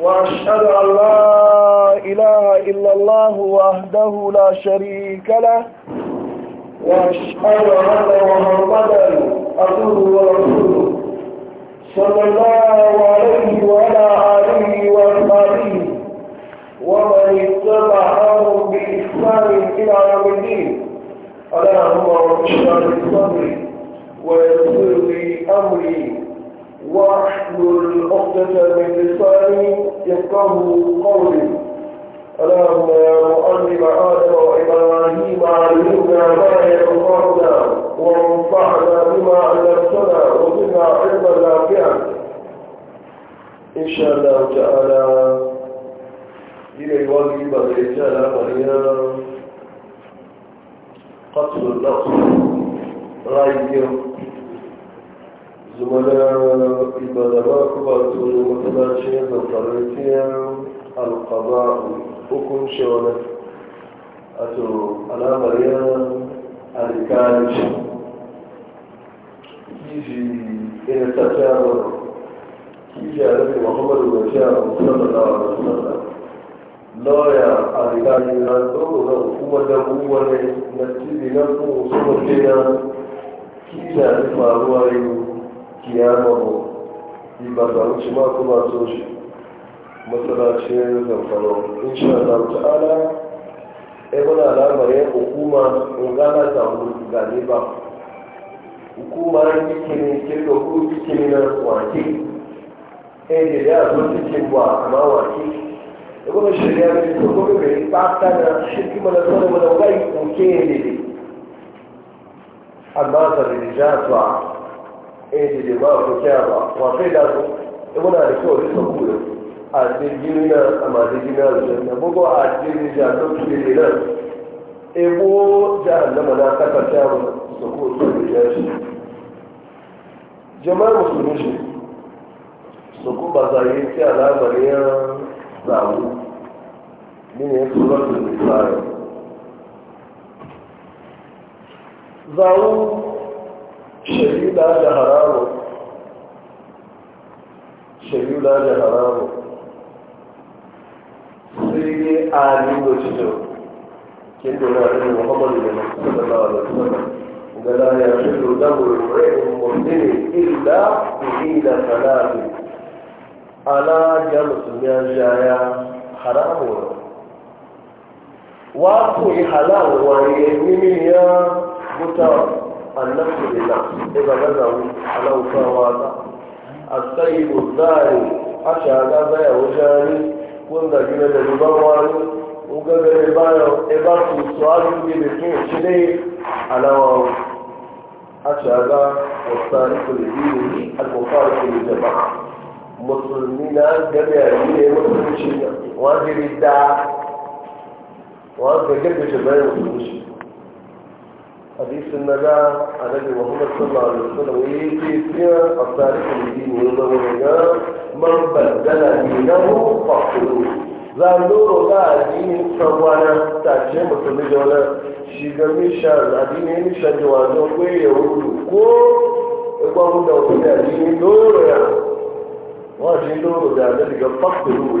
وأشهد أن لا إله إلا الله وحده لا شريك له وأشهد أن محمدا عبده ورسوله صلى الله عليه وعلى آله وأصحابه ومن اتبعهم بإحسان إلى يوم الدين اللهم اشهد صدري ويسر لي أمري واحلل عقدة من لساني يفقه قولي اللهم يا مؤلف آدم وإبراهيم علمنا ما ينفعنا وانفعنا بما علمتنا وزدنا علما نافعا إن شاء الله تعالى إلى الواجب الرجال مريم قتل النقص رأيه zuma na ibadawa kuma su ne matanace da farantiyar alkaba hukunce wani a to alamar yan alikaci kiji ina ta cewa kiji a rikin muhammadu da cewa musamman da wa musamman lawaya alikaci na tsohon na hukumar da buwa na cibi na kuma musamman ke na kiji a rikin faruwa kiyamahu ibadawuci ma kuma so shi matsalacin zamfano insha Allah ta'ala ai muna lamarin hukuma in gana ta gane ba hukuma ya kikini kirga ku kini na wake ai da ya zo cikin ba amma wake da kuma shirya ne ta kuma yi fata na shirki mana sanar mana wai kuke ne amma da rijatuwa eh da ba ku kya ba wa kai da ku muna da a jirgin nan a majigin nan da bugu a na kasar shamu su ko su da ya shi jama'ar musulmi shi su ku ba a yi ci alamar yan zamu ne ne suratun isra'il zamu شيء لا جهراره شيء لا جهراره سيدي آلي وجهه كنت نعلم محمد صلى الله عليه وسلم ولا يحل دم امرئ مسلم الا بحين ثلاث على جمس جايا حرام واقوي حلال وهي ممن يا متوسط النفس بالنفس إذا بدأوا على وفاواتا السيد الزاري أشهد يا وجاني كنت جنة المبواني وقبل إبارة إبانا سؤال يجي بكين شديد على واو أشهد والصالح لدينه المخالف للجماعة مسلمين جميع دين مسلمين واجب الدعاء واجب جميع مسلمين حديث النجاة الذي وصل صلى الله عليه وسلم يجي في التاريخ الديني يقول من بدل دينه فاقتلوه زندور لا دين سوانا تاجي مسلمي جونا شيغمي شان دين ني شان جوانا كوي يقول كو يقول ده وكده دين دور يا واجي دور ده الذي فاقتلوه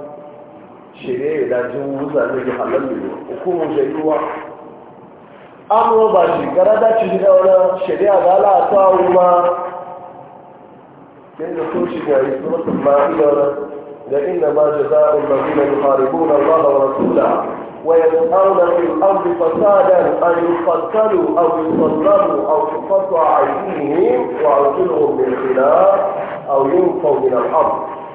shirye da jin wuza ne ga halar da hukumar shari'a amuro ba shekara da ci shiga wani shari'a ga la'atuwa ruwa yadda sun shiga yi surutun ma'ila da inda ma jaza'un mazina yuharibuna Allah wa rasula ويسألون في الأرض فسادا أن يقتلوا أو يصلبوا أو تقطع أيديهم وأرجلهم من خلاف أو ينفوا من الأرض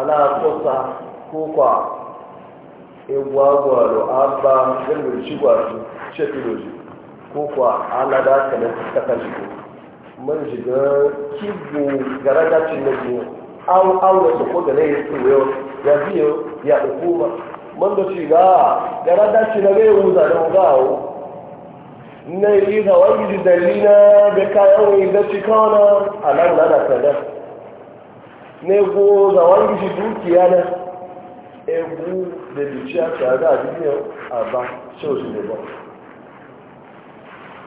ana kusa kukwa igwagwaro abba girgin shigwasu shefiloji kukwa ana da aka mun shiga kibu gara dacin na biyu an aure su ko da na yi ya biyo ya hukuma mun da ga gara dacin na bai wuza da gawo na yi zawon gidi dalina da kayan wani da kawana a nan kadar nego za wani shi dukiya na egu da dukiya ta ga duniya a ba sau e ne ba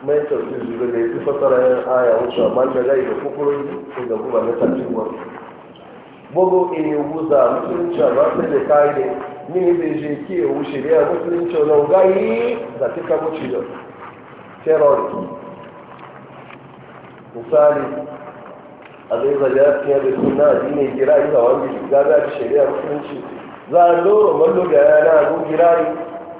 mai tausi su da yi fasara yan aya wuce amma da gai da kukurin da kuma na tafi ba bugu in yi wuza musulunci ba sai da kare mini da je ke wuce da ya musulunci na gai da tuka wuce da terrorist misali abin da ya da suna addinin kirari da wani gaga da shari'a musulunci za a loro mallo da yana abu kirari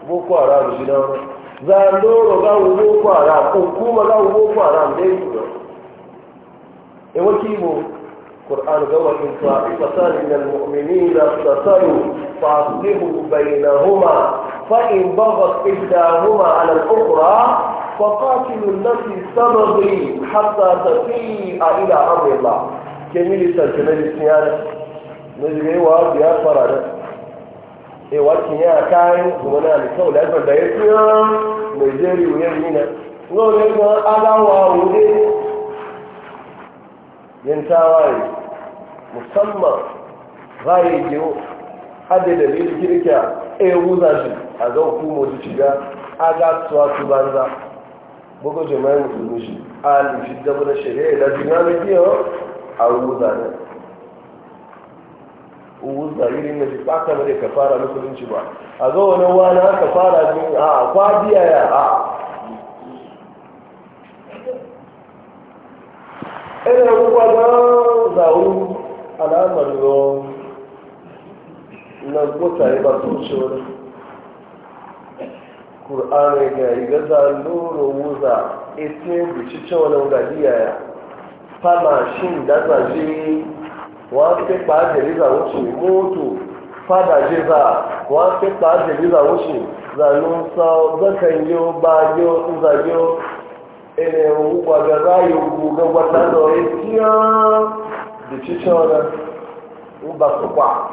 boko haram shi wani za a loro za a boko haram kuma za a boko haram ya yi kuma e waki mu qur'an ga wa in fa fasali min almu'minina tasalu fa aslihu bainahuma fa in baghat ihdahuma ala al-ukhra فقاتلوا التي تبغي حتى تفيء إلى أمر الله كميل سلسلة السيانة نجري وابيا فرادة ewa kinya kai kuma na da e, kyau da da ya tsira mai jeri wuyar nina no ne ga alawa wude yan tawaye musamman raye jiwo hade da bil kirkiya e shi a shiga a ga banza boko jama'i musulmi shi alifi gaba da shari'a da jina na biyo a wuza ne wuza irin na shi ɓata mai ka fara musulunci ba a ga wani wani aka fara jin a kwadiya ya a ɗaya kuwa na zaun alamar yau na gota ya ba su ce wani ƙur'ani ga a loro wuza ete bici cewa gadiya ya fama shin da zaje wọn fi pa jẹ̀líza wọ́ṣì mọ́tò fada jẹ́za wọn fi pa jẹ̀líza wọ́ṣì zanu sa zakan yo ba yo nza yo ene wukwa ga rayu gugu wata da ya tiya da cikin wani uba su kwa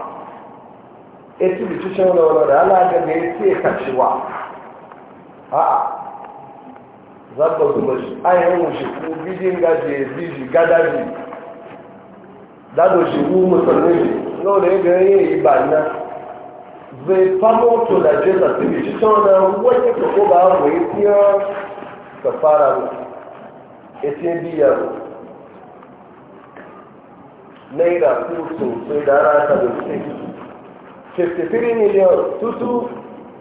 eti da cikin wani wani da ala ga ne ya tiye kacewa a'a za ka zuba shi a yawon shi ko bidin gaji ya dado shi ku musulmi shi no da ya gani ya yi ba na zai famo to da je za su bi shi sau na wani ka ko ba mu yi fiya ka fara mu ya ce biya mu naira su sosai da rata da su 53 miliyan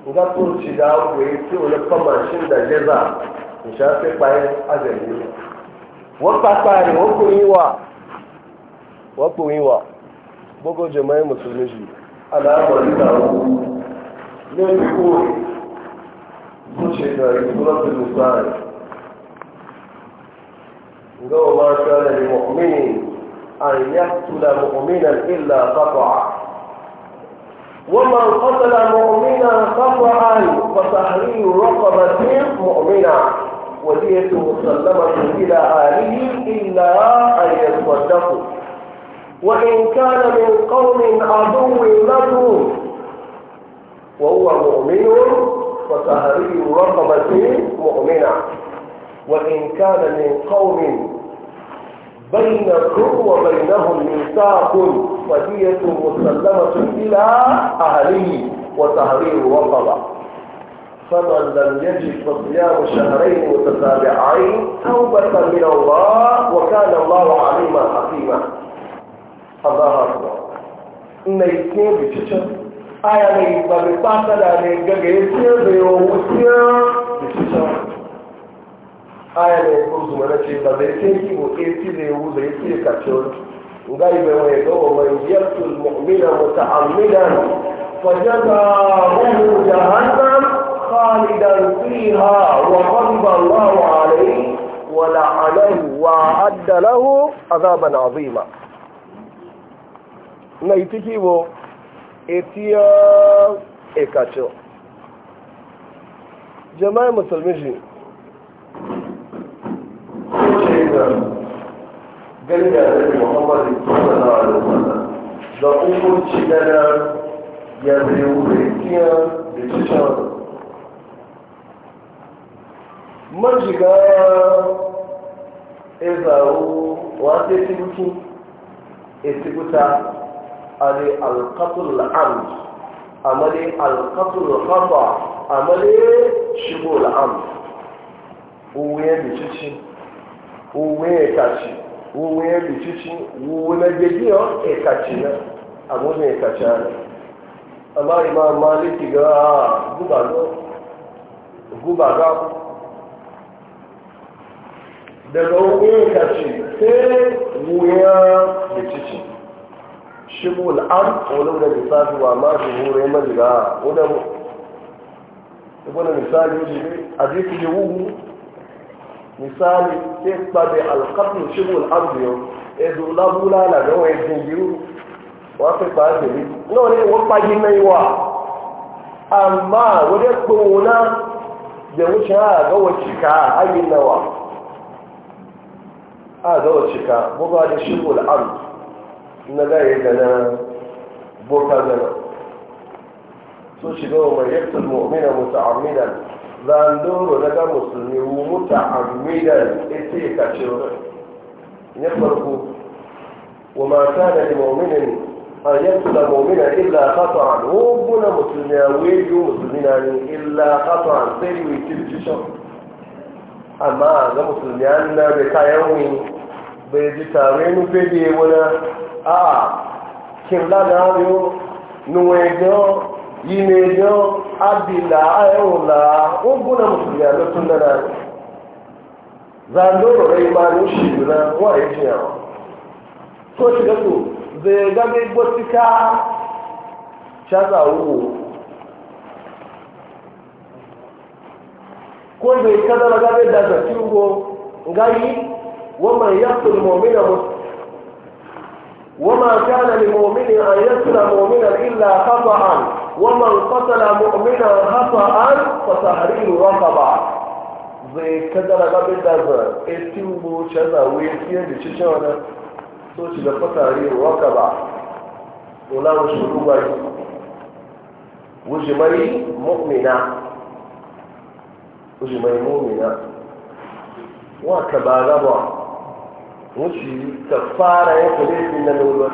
nga tó tsi da wòye tí wòle kɔ machine da dze zã nsia fi kpa yi azɛ yi wò kpakpa yi wa wò kpo yi wa gbogbo dzema yi mùsùlùmí zi ala wò yi ta wò ne yi kó tó yi tó lọ́ọ́ tó sa nga ma sọ ɛlɛ ni mɔkumini ayi tu la mɔkumina ila ومن قتل مؤمنا قطعا فتحرير رقبة مؤمنا ودية مسلمة إلى أهله إلا أن يصدقوا وإن كان من قوم عدو له وهو مؤمن فتحرير رقبة مؤمنا وإن كان من قوم بينكم وبينهم ميثاق ودية مسلمة إلى أهله وتحرير وقضاء فمن لم يجد فصيام شهرين متتابعين توبة من الله وكان الله عليما حكيما الله أكبر إن الاثنين بتشتغل آية من بابي باتنا من جاجي يسير بيوم يسير بتشتغل aya ne kurzu mana ce ba zai ce ki ko ke ci zai wu zai ci ka ce ngai be wa ga wa man yaqtul mu'mina muta'ammidan fa jazahu jahannam khalidan fiha wa ghadiba Allahu alayhi wa la'anahu wa adda lahu azaban azima ngai tiki bo etiya ekacho jama'a musulmi أيضا جاء Muhammadu محمد صلى الله da hukunci gana ya zai wurikiya da cikin majiga ya zaru wata ya tibuta a da alkatul al'amd a made alkatul hafa a made shigo al'amd uwe da cikin uwe ekachi uwe bichichi wuna gegiyo ekachi na abu ekachi ana amma imam maliki ga ah, guba go guba ga daga uwe ekachi sai wuya bichichi shibul am wani da lissafi wa ma shuhure majiga wani abu wani misali ne a jikin wuhu misali sai kpabe alkafin shigun arziyo ezu labula na gawa ya fara wasu kpazili náà ne wọ́n kpagi mai wa amma wadda kpona da wuce a gawa cika a ayin nawa a gawa cika buga da shigun abu na gaya gana boka gana so shiga wa mai yaktar mu'mina mutu'amminan zandoro na ga musulmi wumuta a midan ita ya kashe na farko wa mata da limominin an yankula momina illa kasuwan rubuna musulmi a wejo musulmi na ne illa kasuwan sai yi kirkishin amma ga musulmi an na da kayan wani bai ji tare nufe da wani a kin lana yau nuwe yau yimejo abila ayola oguna musuliyano tundana zandoro rai ma ni shibira wa ya ji yawa to shiga gabe zai chaza mai gwatika shaza uku ko zai kada na gabe da zafi ugo gayi waman yakul mu'mina وما كان لمؤمن أن يسلم مؤمنا إلا خطأ ومن قتل مؤمنا خطأ فتحرير رقبة zai kadara gabe da za a timbo canza wuyi fiye da cikin wani da fasari waka ba wula wasu rubari wujimari mu'mina wujimari ba ta fara yanku na lulluwa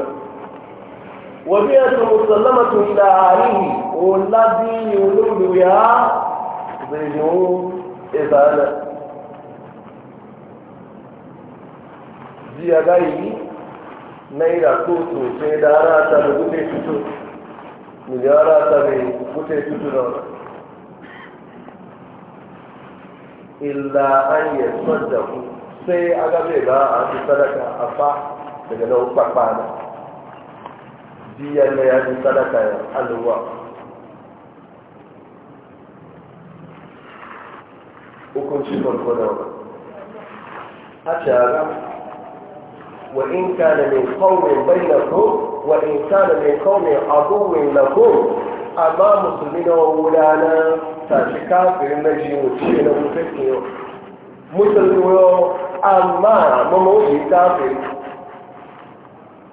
وبيئة مسلمة إلى أهله والذي يولد بها بجنون إذا jiya gayi naira ko sosai da ara ta da gute fito miliyara ta da gute fito da wani illa an yi sadda sai aga bai ba a fi sadaka a fa daga nan kwakwa na diyar mai hannun sadaka ya alwa hukuncin farko da wani a shara wa in kana min qaumin bainakum wa in kana min qaumin aduwwin lakum amma musulmi na wulana ta shi kafirin na ji wuce na mutake musulmi amma mamaji kafirin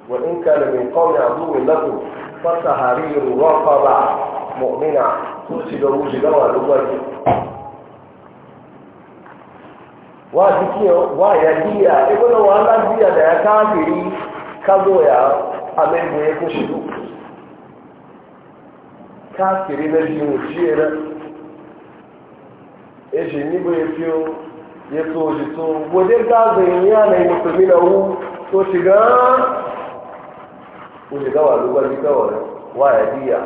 وإن كان من قوم عدو لكم فتحرير رقبة مؤمنة ترسل وجد ولوجه wa jiki wa ya diya ibn wa la ya kafiri kazo ya amen da ya kushi kafiri na jin jira e je ni bo yefio yeto jito wo de ga ze ni ana ni to wu to shiga kuli gawa duba ji gawa waya biya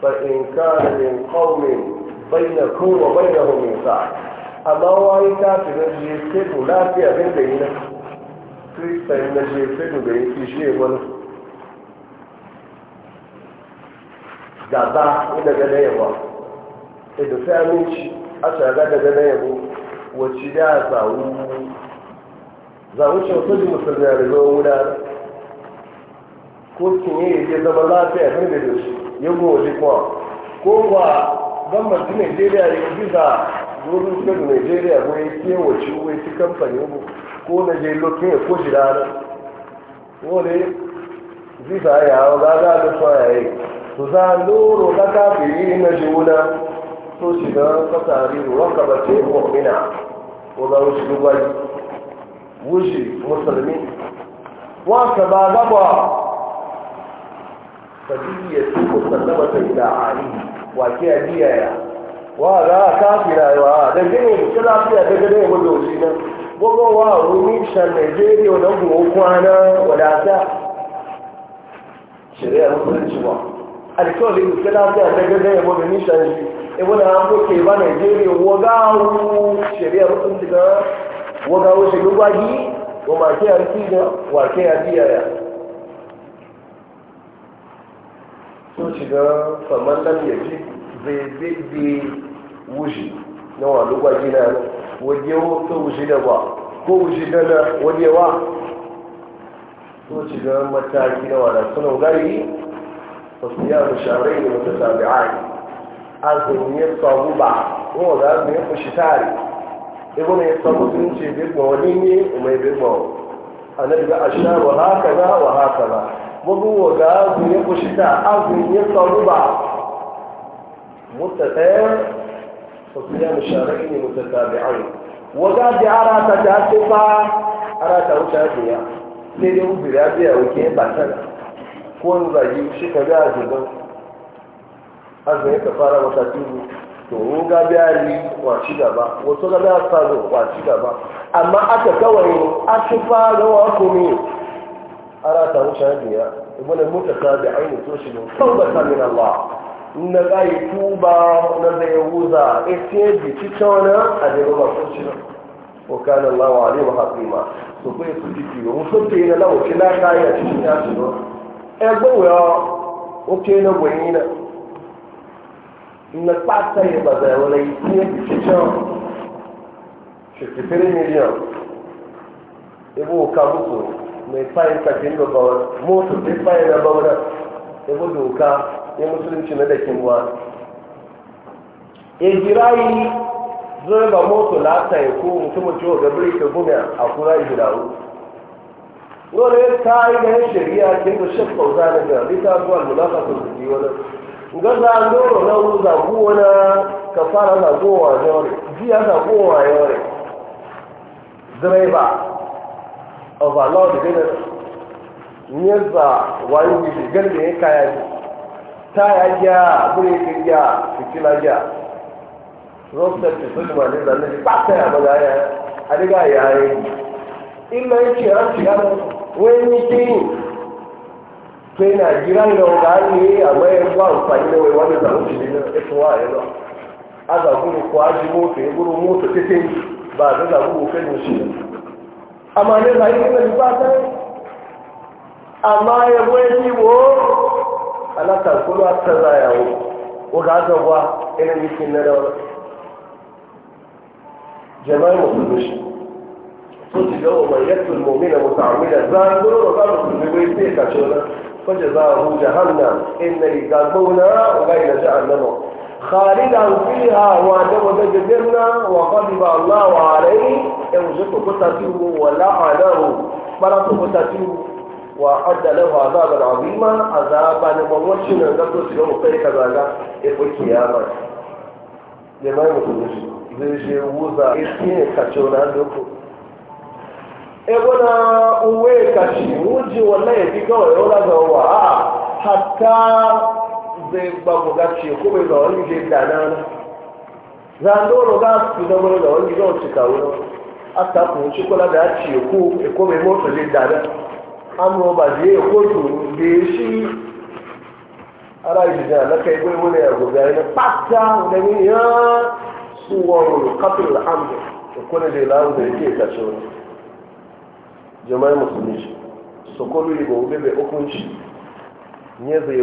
fa in ka min qaumin bayna ku wa baynahu min sa amma wai ka ta da ji ke to lafiya bin da yin kristai na ji ke to da yin ki shi ne wani gaba inda ga eh, da yawa idu sai aminci a shaga daga na yabo wacce da zawu zawu shi wasu ji musulmi a rigon wudanar ko kinye ya zama lafiya ne da doshi ya gowaje kuma ko kuwa gwamnati nigeria ya biza su kudu nigeria ko ya kewace ko ya ci kamfani ko na je lokin ya ko jira na wani visa ya hau gaga da so ya yi su za a loro na kafiri na juna to shiga fasari ruwan kabace mu'mina ko za wuce dubai wuce musulmi wa ba gaba فدية مسلمة إلى عليه وكي أديها وهذا كافر وهذا wa rumi shan nigeria na gugu kwana wadata shari'a musulunci ba alikoli nke lafiya ta gaza ya shi ibuna an ba nigeria wagawu shari'a musulunci ga wagawu shi gugwagi wa makiya rikida biyaya sun shiga faman lam ya fi zai zai bi wuji na wani gwaji na wajen wata wuji da ba ko wuji da na wajen wa sun shiga mataki na wani suna gari wasu ya musharai ne mata tabi'ai azumi ya samu ba kuma da azumi ya fushi tare ibn ya samu sun ce bai wani ne mai bai annabi ga wa haka za wa haka za gbogbo ga azụ ya kwụsịta azụ ya sọrụba mutatayar sosiya musharaki ne mutata da ayi waga ji ara ta ta ce fa ara ta wuce ake ya sai dai shi ka biya azubin azubin ka fara wata tudu to ga biya yi kwaci gaba wasu ga biya sa zo kwaci gaba amma aka kawai a shi fara ara samu shagiya ibn mutatabi'ain tushidu tawbatan min Allah na gai tuba na zai wuza ite bi titona a da ba tushidu wa kana Allah alim hakima so ko su diki mu so te na lawo kila kai a cikin ya tudo e gbo yo o ke na gwenina na pata ye ba da wala ite bi titona shi 53 miliyan ibu kabuku mai fayin kafin da ba motu sai fayin na ba wani ya bu doka ya musulunci na dakin wa ya girayi zai ba motu lata ya ko mutum ciwo ga birka gumi a kura girawo wani ta yi ganin shari'a kin da shaf kauza na ga rita zuwa mulaka sun zuki wani ga za loro na wuri zago wani ka fara zagowa yawar jiya zagowa yawar direba overload gina nyeza wani gidi galibin ya kaya ne ta ya gya gure ya gya fitila sun ma ne zanen shi ya ba da ya a riga ya yi illa ya ce ran giran da wani a mayan da wani wani zanen shi ne ya tuwa ya kwaji mota ya guru mota ba a हमारे भाई की बात है amma ya gwani wo alaka kuma ta zaya wo ko ga ga wa ina yake na da jama'a musulmi shi so ti ga wa yatul mu'mina muta'ammidan za a goro ba musulmi bai sai ka ce na fa jazahu jahannam inna idabuna wa ghayra jahannam خالدا فيها وعدم تجدنا وغضب الله عليه يوزق قتته ولعنه بلط قتته وأعد له عذابا عظيما عذابا ممشنا ذكر سيوم كيف كذا يقول قياما جماعة مسلمين zai wuza iske kacho na doko ebona uwe kachi uji wala ya diga yola za hatta zai gbagbo gace kuma ga wani je dana na zandoro ga su zama da wani zai cika wuri a ta kuma ci kula da ce e ko eko mai mota je dana amma ba je ya kotu da shi a rayu da na kai gwai wani ya guga ya fata da ni ya yi kafin alhamdu da e lawo da yake musulmi bai hukunci ne zai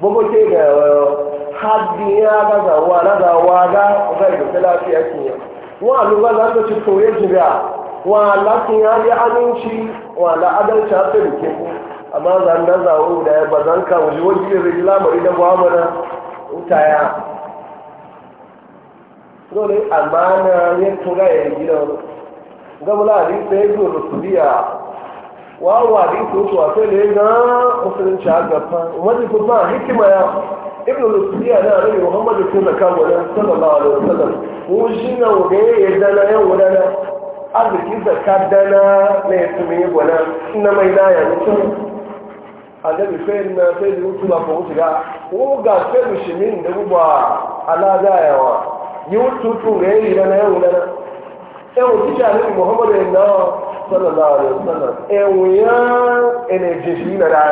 bugu ce da haddi ya ga zawa na zawa ga zai da lafiya ke yi wa lura za ta ci soye jira wa lafi ya yi aminci wa la'adar a sai ke ku amma zan da zawo da ya bazan ka wuji wajen yin rigi lamari da mu'amala utaya dole na yin tura ya yi gidan wani gamula a rikpe ya zo da wa wa din ko to ato ne na musulunci a gafa wani kuma hikima ya ibn lusiya na annabi muhammad sun da kawo nan sallallahu alaihi wasallam ko shi na wuri ya dana yau wadana arziki zakka dana na ya tumi gwana na mai na ya mutum annabi sai na sai da mutuwa ko mutu ga ko ga sai mushimin da guba ala yawa. yi mutu tun ga yi dana yau wadana ẹwù títí àlejò muhammadu iná sọlọlá rẹ sọlọ ẹwù yẹn ẹnì ìjèṣì nàrà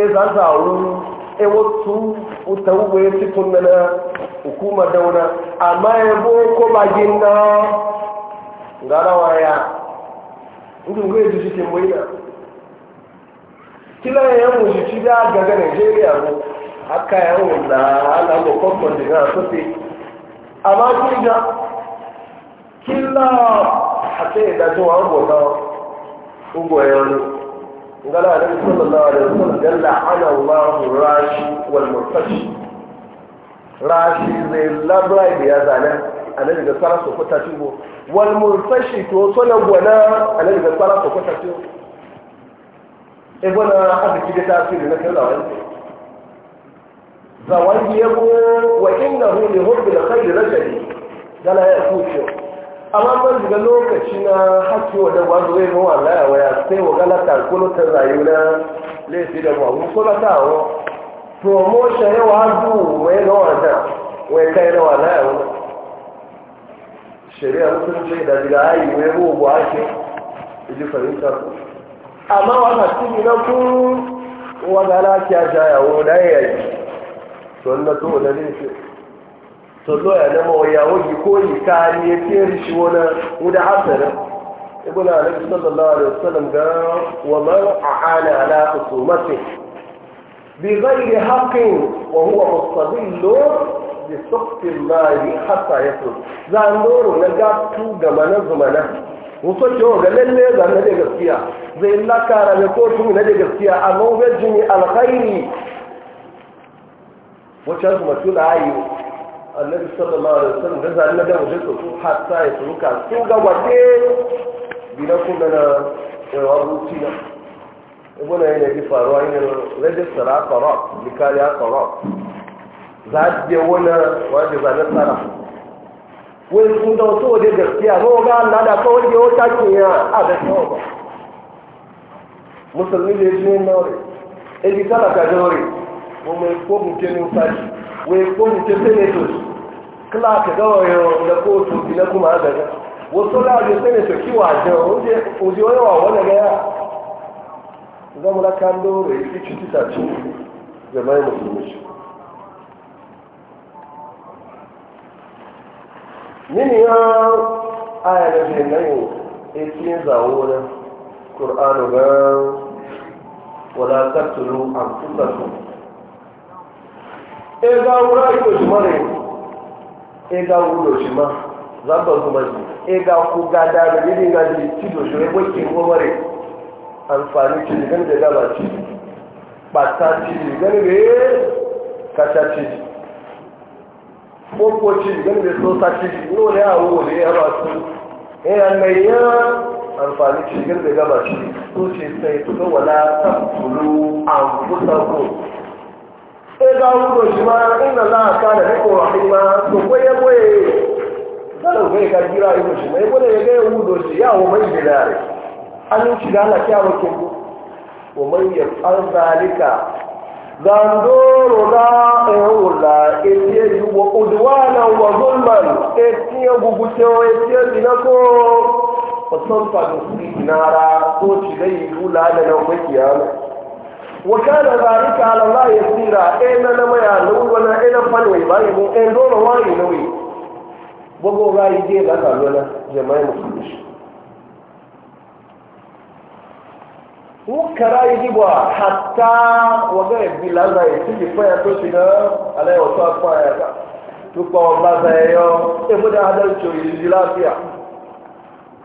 ẹzàzà ọrùn ẹwọ tún utawuwe titun nana hukuma dauna amma yabo ya bagin na gara waya ndin gwe ji cikin moina kila ya mu ji ci da gaga Nigeria mu aka yawo na ala ko kokon diga sofi kila àti ìdájọ́ wa ọgbọ̀n náà gbogbo ẹ̀yọ́ ni ngala alẹ́ sọ́nà náà alẹ́ sọ́nà gẹ́lá ana wàhù ráṣí wàlmọ̀tàṣí Rashi zai labra ibi ya zane alẹ́ daga sara su kuta ci bo wàlmọ̀tàṣí to sọ́nà gwana alẹ́ daga sara su kuta ci bo ebe na arziki da tasiri na kai zawon zawon yabo wa inna hu li hubbi da kai da rajali gala ya kuce amma ban daga lokaci na haƙƙi wadda ba su zai mawa laya waya sai wa galata kulutar rayu na laifi da ba mu kula ta wa promotion yawa hadu mai ga wata wai kai na wa laya wani shari'a mutunci da daga ayi mai rogo ake ji fahimta ku amma wata cikin na ku wa galata ya jayawo da yayi sannan da laifi sallo ya nama wa yawo yi ko yi kari ya ce shi wani wuda hasari na alaƙi sallallahu alaihi wasallam ga wa man a'ana ala mace bi ghairi haqqin wa huwa mustadillu bi hasa ya so Za a doro na gatu ga mana zumana ke wa ga lalle na da gaskiya zai lakara ne ko tun da gaskiya amma jini alkhairi wacce su da ayi annabi sallallahu alaihi wasallam da zan na da wajen su hatta ya tsuka sun ga wace bina kuma na yawa ruci na ibuna yana yi faruwa yin rajistar akara likali akara za a je wani wajen zanen tsara wani sun da wasu waje gaskiya ba ga Allah da kawai da wata kiyan a da kawai ba musulmi da ya ji ne na wuri ebi talaka da wuri wọ́n mọ̀ ẹ̀kọ́ mú kí ní ń fàájì wọ́n ẹ̀kọ́ mú kí sẹ́nẹ̀tọ̀ clark gawayo da kotu na kuma daga wasu rajin sai ne su kiwa jan oje wani wa wani gaya zama na kando da yi ci ci ta ci jama'ai musulmi shi nini ya aya da zai nayo etin zawo na ƙur'anu ga wadatar tulu an kusa su e ga wura yi ko shi mara yi ega wudo shi ma zaɓar kuma shi ega ku ga da gini ga shi ti do shi wai ki gomare amfani ci gan da gaba ci bata ci gan da kaca ci koko ci gan da sosa ci no ne a wo ne ya ba su ina e mai ya amfani ci gan da gaba ci to ce sai to wala tabtulu an fusa ko ega wudo shi ma inna la ka da ko rahima to koye koye zalo kai ka jira ido shi mai gode ga wudo shi ya wa mai bilare an shi da Allah ya wake ku wa man yaf'al zalika zandoro la ehula etie yuwa udwana wa zulman etie guguteo etie dinako wasan nara ko shi dai kula da nan وكان ذلك على الله يسيرا إن لما يعلم ولا إن فنوي بايبو إن دون واني نوي بقو غاي جي لا تعلونا جماعة مسلمش وكرا يجيبوا حتى وغاي بلازا يسيجي فايا توشينا على يوصاف فايا تبقى بلازا يو إبدا هذا الشيء يجي لا فيها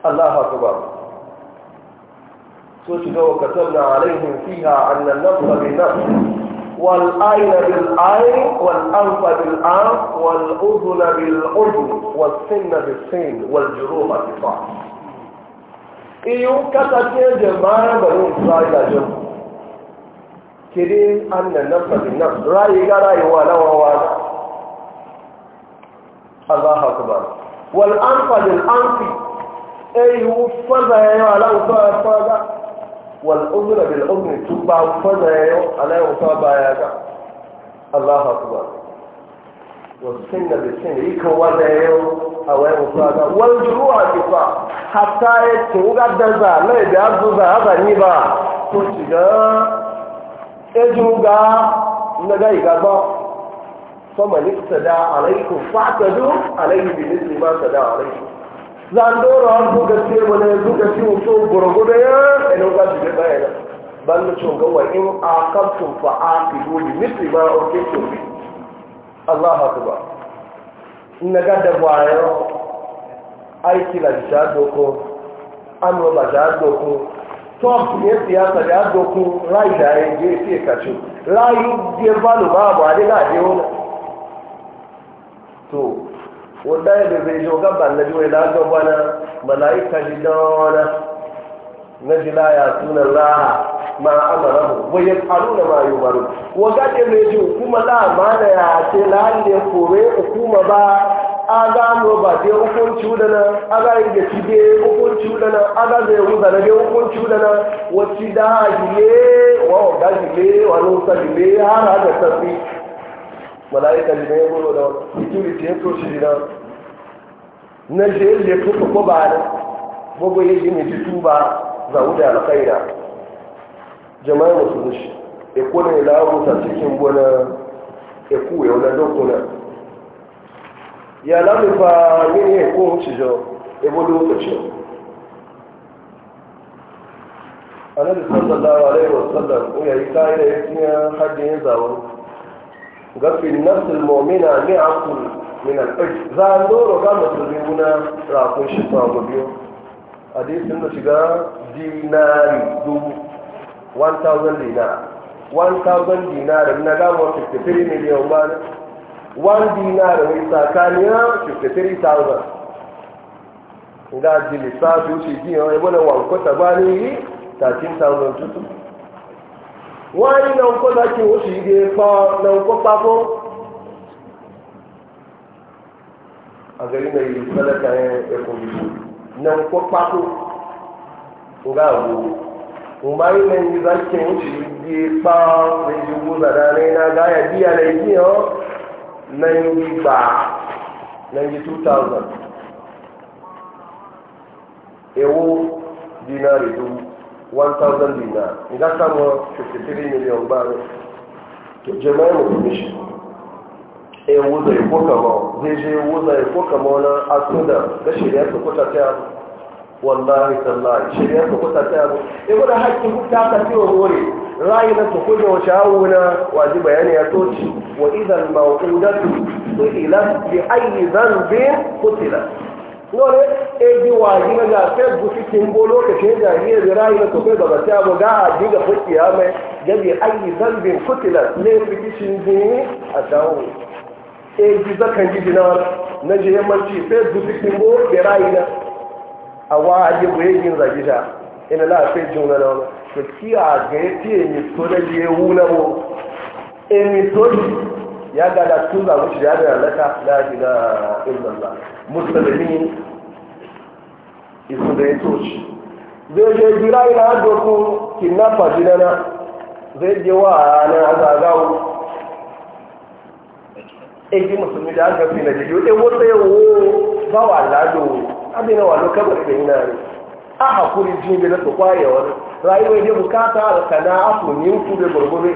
الله أكبر تشبه وكتبنا عليهم فيها أن النفس بالنفس والأين بالأين والأنف بالأنف والأذن بالأذن والسن بالسن والجروح قطاع إيو كتبت جماعة بني إسرائيل جمع كده أن النفس بالنفس رأي رأي ولا ولا الله أكبر والأنف بالأنف أيو فضا يا الله فضا والأذن بالأذن تبع فضايا على يصاب ياك الله اكبر والسن بالسن يكو وضايا او يصاب والجروع تبع حتى يتوقع دزا لا يدزا هذا نبع تشجا اجوغا نغاي غبا فمن نقتدى عليكم فاعتدوا عليه بمثل ما تدى عليكم zandoro an buga gaske wani ga ce wato gwargwado ya ɗanin za su jirga ban da cewa wa in a kamtun fa'a fi dole nufi ma oke tobi allah haka ba na gada bayan aiki na jisha doko an roba doko ne siyasa ya doko rai da ya je kacu rai balu ba na to wanda ya da zai joga ba na biyu da ga bana mala'ika ji dawana na jila ya suna laha ma amara mu wa ya faru na ma yi maru wa ga ce mai ji hukuma la ma da ya ce lalle kore hukuma ba a ga mu ba je hukunci udana a ga yi gaci je hukunci udana a ga zai wuza na je hukunci udana wacce da gile wa ga gile wa malayika ji na ya goro da wani security ya to shi na na shi ya je tuka ko ba ne gbogbo ya yi mai ji ba za wuda na kaina jama'a musu shi e kone ne lawo ta cikin gona e ku ya wani dokuna ya lamu fa ne ne ko shi jo e bo lokaci annabi sallallahu alaihi wasallam ya yi kayan da ya tiya hajjin zawon gafi nafsul momina ne a kun min alfaji za a doro ga musulmi wuna rafin shi samu biyu hadisin da shiga dinari dubu 1000 dinar 1000 dinar na gama 53 miliyan ba ne 1 dinar mai tsakaniya 53000 ga ji lissafi wuce biyan ya bane wankwata ba ne yi 13,000 tutu wọ́n á ní lọ́nkọ́ láti oṣù ìgbé pa lọ́nkọ́ pápọ́. àgbẹ̀rí náà yìí fẹ́lẹ́ ka ẹ ẹ̀kọ́ yìí lọ́nkọ́ pápọ́ nga àbò mgbe anyị na-enye ba nke uche dị kpaa na-eji ugwu dada anyị na-aga ya di ya na-eji ya na ndị gba na ndị 2000 ewu dinari dubu 1000 dinar nga kama 53 miliyan baro to jama'a mu mishi e wuza ya ko kama zai wuza ya ko kama wani asuda ga shirya su kuta ta wallahi tallahi shirya su kuta ta yaro e kuna hakkin kuta ta fi wa hore rai na su kuma wace hawuna waji bayani ya toci wa idan ma'udatu su ila bi ayi zanbin kutila dole ebi waji na ga sai gusi kimbo lokacin jariyar da rayu na tafiya da bata mu ga aji da fukiya mai gabi ayi zambin kutila ne rikicin jini a dawo ebi zakan ji jina na je yammanci sai gusi kimbo da rayu na a waje ku yin zagi sha ina e na sai juna na wani to kiya ga ya fiye mi da je wuna mu e mi ya ga da tun zamu shi ya da laka la ilaha illallah muslimin isu da ya toci. zai je jira ina doku kidnapper na zai je wa na azagawo eji musulmi da aka fi na jiyo e wata yawo ba wa lado abin wa lokacin da ina ne a hakuri jini da na kwayewar wani rayuwa ne bukata da sana'atu ne ku da gurgurai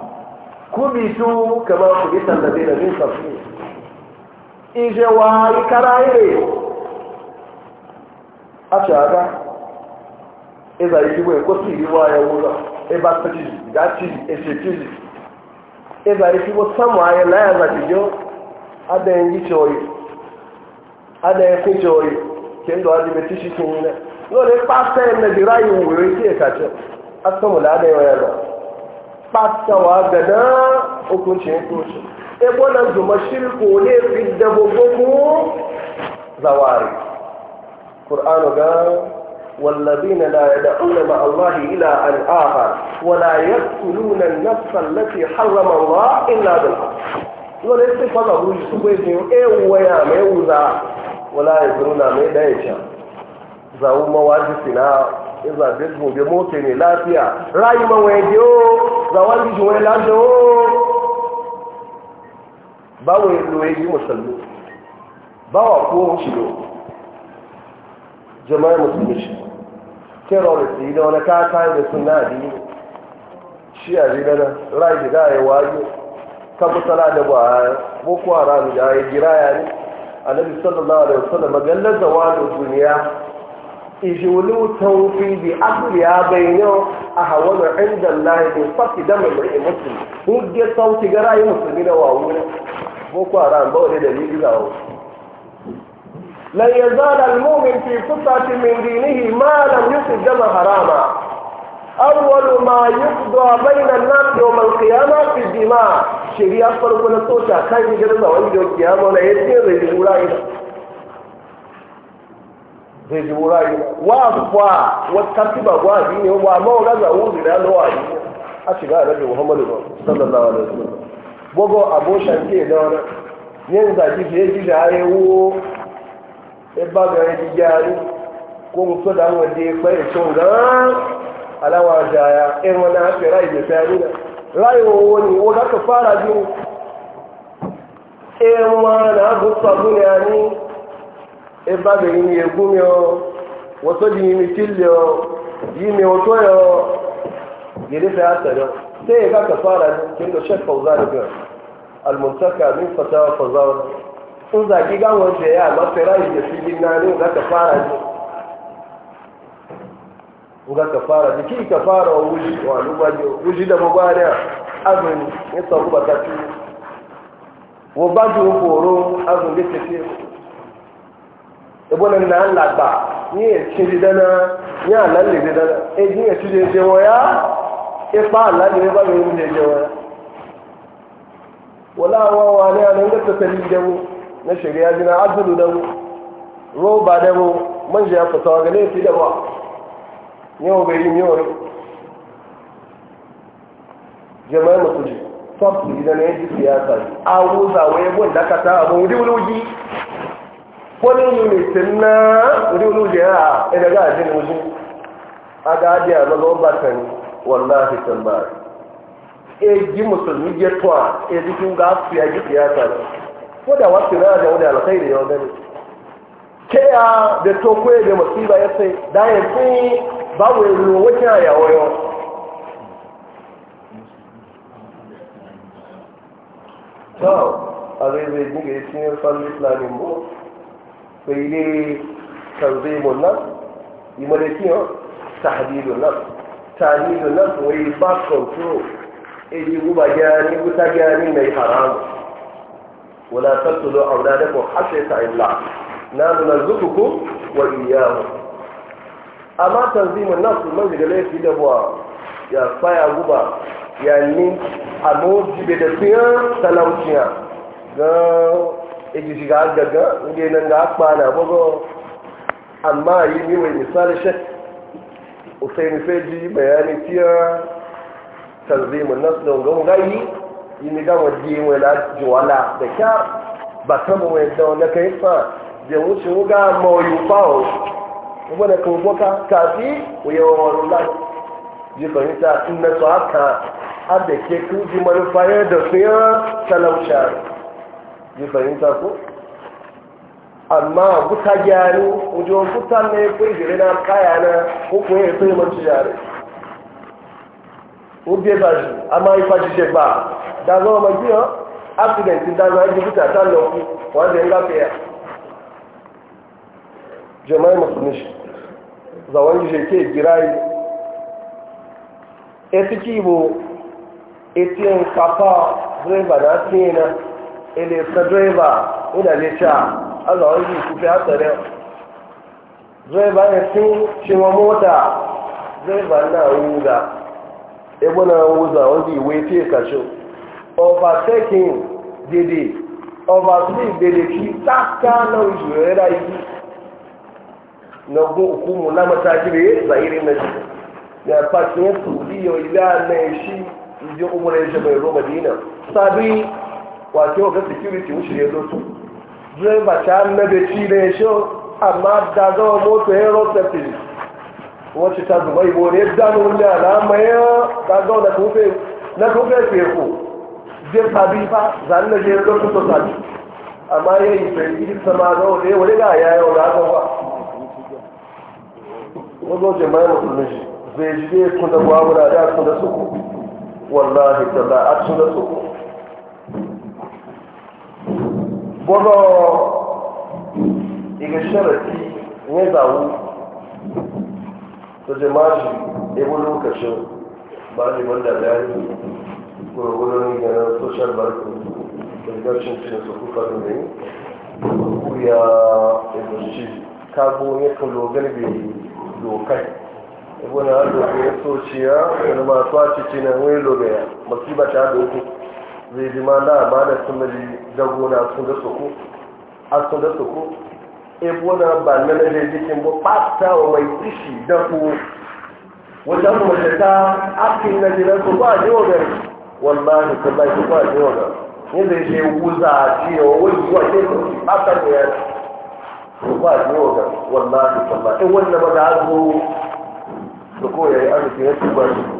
kubitu kama kubita alladhina min qablihim ije wa ikaraire achaga eza ikiwe kosi liwa ya wura eba tachi gachi echechi eza ikiwe samwa ya la ya zakijo ada engi choyi ada engi choyi kendo adi betishi kinina lole pasa ya nabira yu wewe kie kacho la wa ya ɓatawa ga na hukuncin toshi ebo na zuma shirko ne fi da bugu zawari ƙur'anu ga والذين لا يدعون مع الله إلى أن آخر na يقتلون النفس التي حرم ina da بالحق wani sai faga buji su kwai sun ewu waya mai wuza wala ya zuru na mai daya can in zaɓe gobe mota ne lafiya rayu ma wani biyo za wani jishin wani lafiya o ba wani loye ji musulmi ba wa kowa shiro jama'a musulmi shi terrorist yi da wani kata da suna biyu shi a rinana rayu da ya wayo kan mutala da ba boko haram da ya gira ya ne annabi sallallahu alaihi wasallam gallar da wani duniya ijulu tawfi bi asliya bayno a hawala inda Allah bi fasi da mai muslim hujja sauti gara rayu musulmi da wawu ne boko haram ba wani da wawu lan yazala almu'min fi fusati min dinihi ma lam yusib dama harama awwal ma yuqda bayna farko na sota kai gidan da wani da kiyama zai ji wura yi wa kwa wata tiba kwa ji ne wa ma da yalo yi a shiga a rabin muhammadu ba sallallahu alaihi wasallam bogo aboshan ke da wani yin zaki ke ji da ya wo ya ba ga ya gyari ko mutu da wani da ya kwaye cin ga alawa jaya in wani hafi rai da ta wani ka fara biyu in wani ebe yi egwu mio wato ji yi mitilio yi mi wato yo gidi fa ya tsaro sai ya kaka fara kin da shek fauza da biyu almuntaka min fatawa fauza sun zaki gawon da ya mafi rai da shi gina ne za ka fara ji ga ka fara ji ki ka fara wuji wa lubaji wuji da mugwariya azumi ya samu ba ta ci wa ba ji horo azumi da tafiya ebona na lagba ni ekiri dana ni ala le dana e ni ekiri ya ipa ala le ba le ni de wọn wala awa awa, ne ala de mu na shari'a jina azulu da mu roba ya fata ga na fi da ba ni o bai ni o jama'a mutuji top ndị na ne siyasa awuza wa yabo wani mutum na rinu da ya ina ga ajin wuzi a ga ajiya na lobatan wallahi tambari e ji musulmi ya e jikin ga su ji siyasa ne ko da na da wani alkhairi ya da to da musiba ya sai da ya sai babu ya ruwa wacce a yawayo a zai zai dinga yi cikin family planning fai ne tanzibin nan yi malakiyar tahdidun nan tahdidun nan wai ba kontro eji eh, guba gani guta gani mai haramu wala tattu zo a wadanda ko hasse ta illa na nuna zukuku wa iyahu amma tanzibin nan su man daga laifi da buwa ya faya guba ya ni a mo jibe da fiye talauciya ga yake shiga gaggan inda nan ga akpa na bugu amma yi ni wai misali shek usaini feji bayani tiya tanzimin nasu don gamu gayi yi ni gama ji wai na jiwala da kya ba ta mu wai da wanda kai fa je wuce wuga mawuyi fawo kuma da kan boka kafi wuyawa wani lati ji fahimta in na su haka har da ke kuji manufa yadda su yi talaushe ji fahimta ko amma guta gyaru wajen guta ne kai gire na kaya na ko ko ya sai man ci yare o bi ba ji amma ifa ji je ba da zo ma ji o accident da zo ji guta ta lo wa da nga pe jama'i musulmi zawon ji ke girai etiki bo etin papa driver na tina ele ta driver ina ne ta Allah wani ku fi hatsari driver ya sun cewa mota driver na wuga ebe na iwe fiye kashe overtaking dede oversleep dede ki taka na ujure rayu na gun hukumu na mataki da zahiri na shi da fatin su biyo ila na shi ijo umarai mai roma dina sabi wato ga security wuce ya zo su zai ba ta annabe ci da ya sho amma da zama moto ya rot da fili wacce ta zuba ibo ne da nuna wani alama ya ta zama da kofe na kofe ya fiye ko zai sabi ba za a nage ya zo su amma ya yi fai ikin sama ga wani wani ga ya yi da aka ba wazo jama'a na kullum shi zai ji ya kuna gwamura da kuna suku wallahi ta za a su ku? bogo igasharati ne zawu to jama'i ebo lokacin ba ne wanda da yi gurgurin ganin social da gashin cin su kuka da ne kuya ibushi kago ne kalo galbe lokai ebo da masu a cikin wani lobaya masu ba ta dokoki zai ji ma na amana sun da jagona sun da soko a sun da soko ebo eh, na ba na na zai jikin bo pasta wa mai ishi da ku wata kuma da ta akin na jiran su ba ji wa gari wallahi ta ba ji ba ji wa gari yadda ya ce wuza a ciye wa wani zuwa ke su pasta ne ya su ba ji wa gari wallahi ta bai eh, wannan ba da zo su koya yi arziki ya ci ba su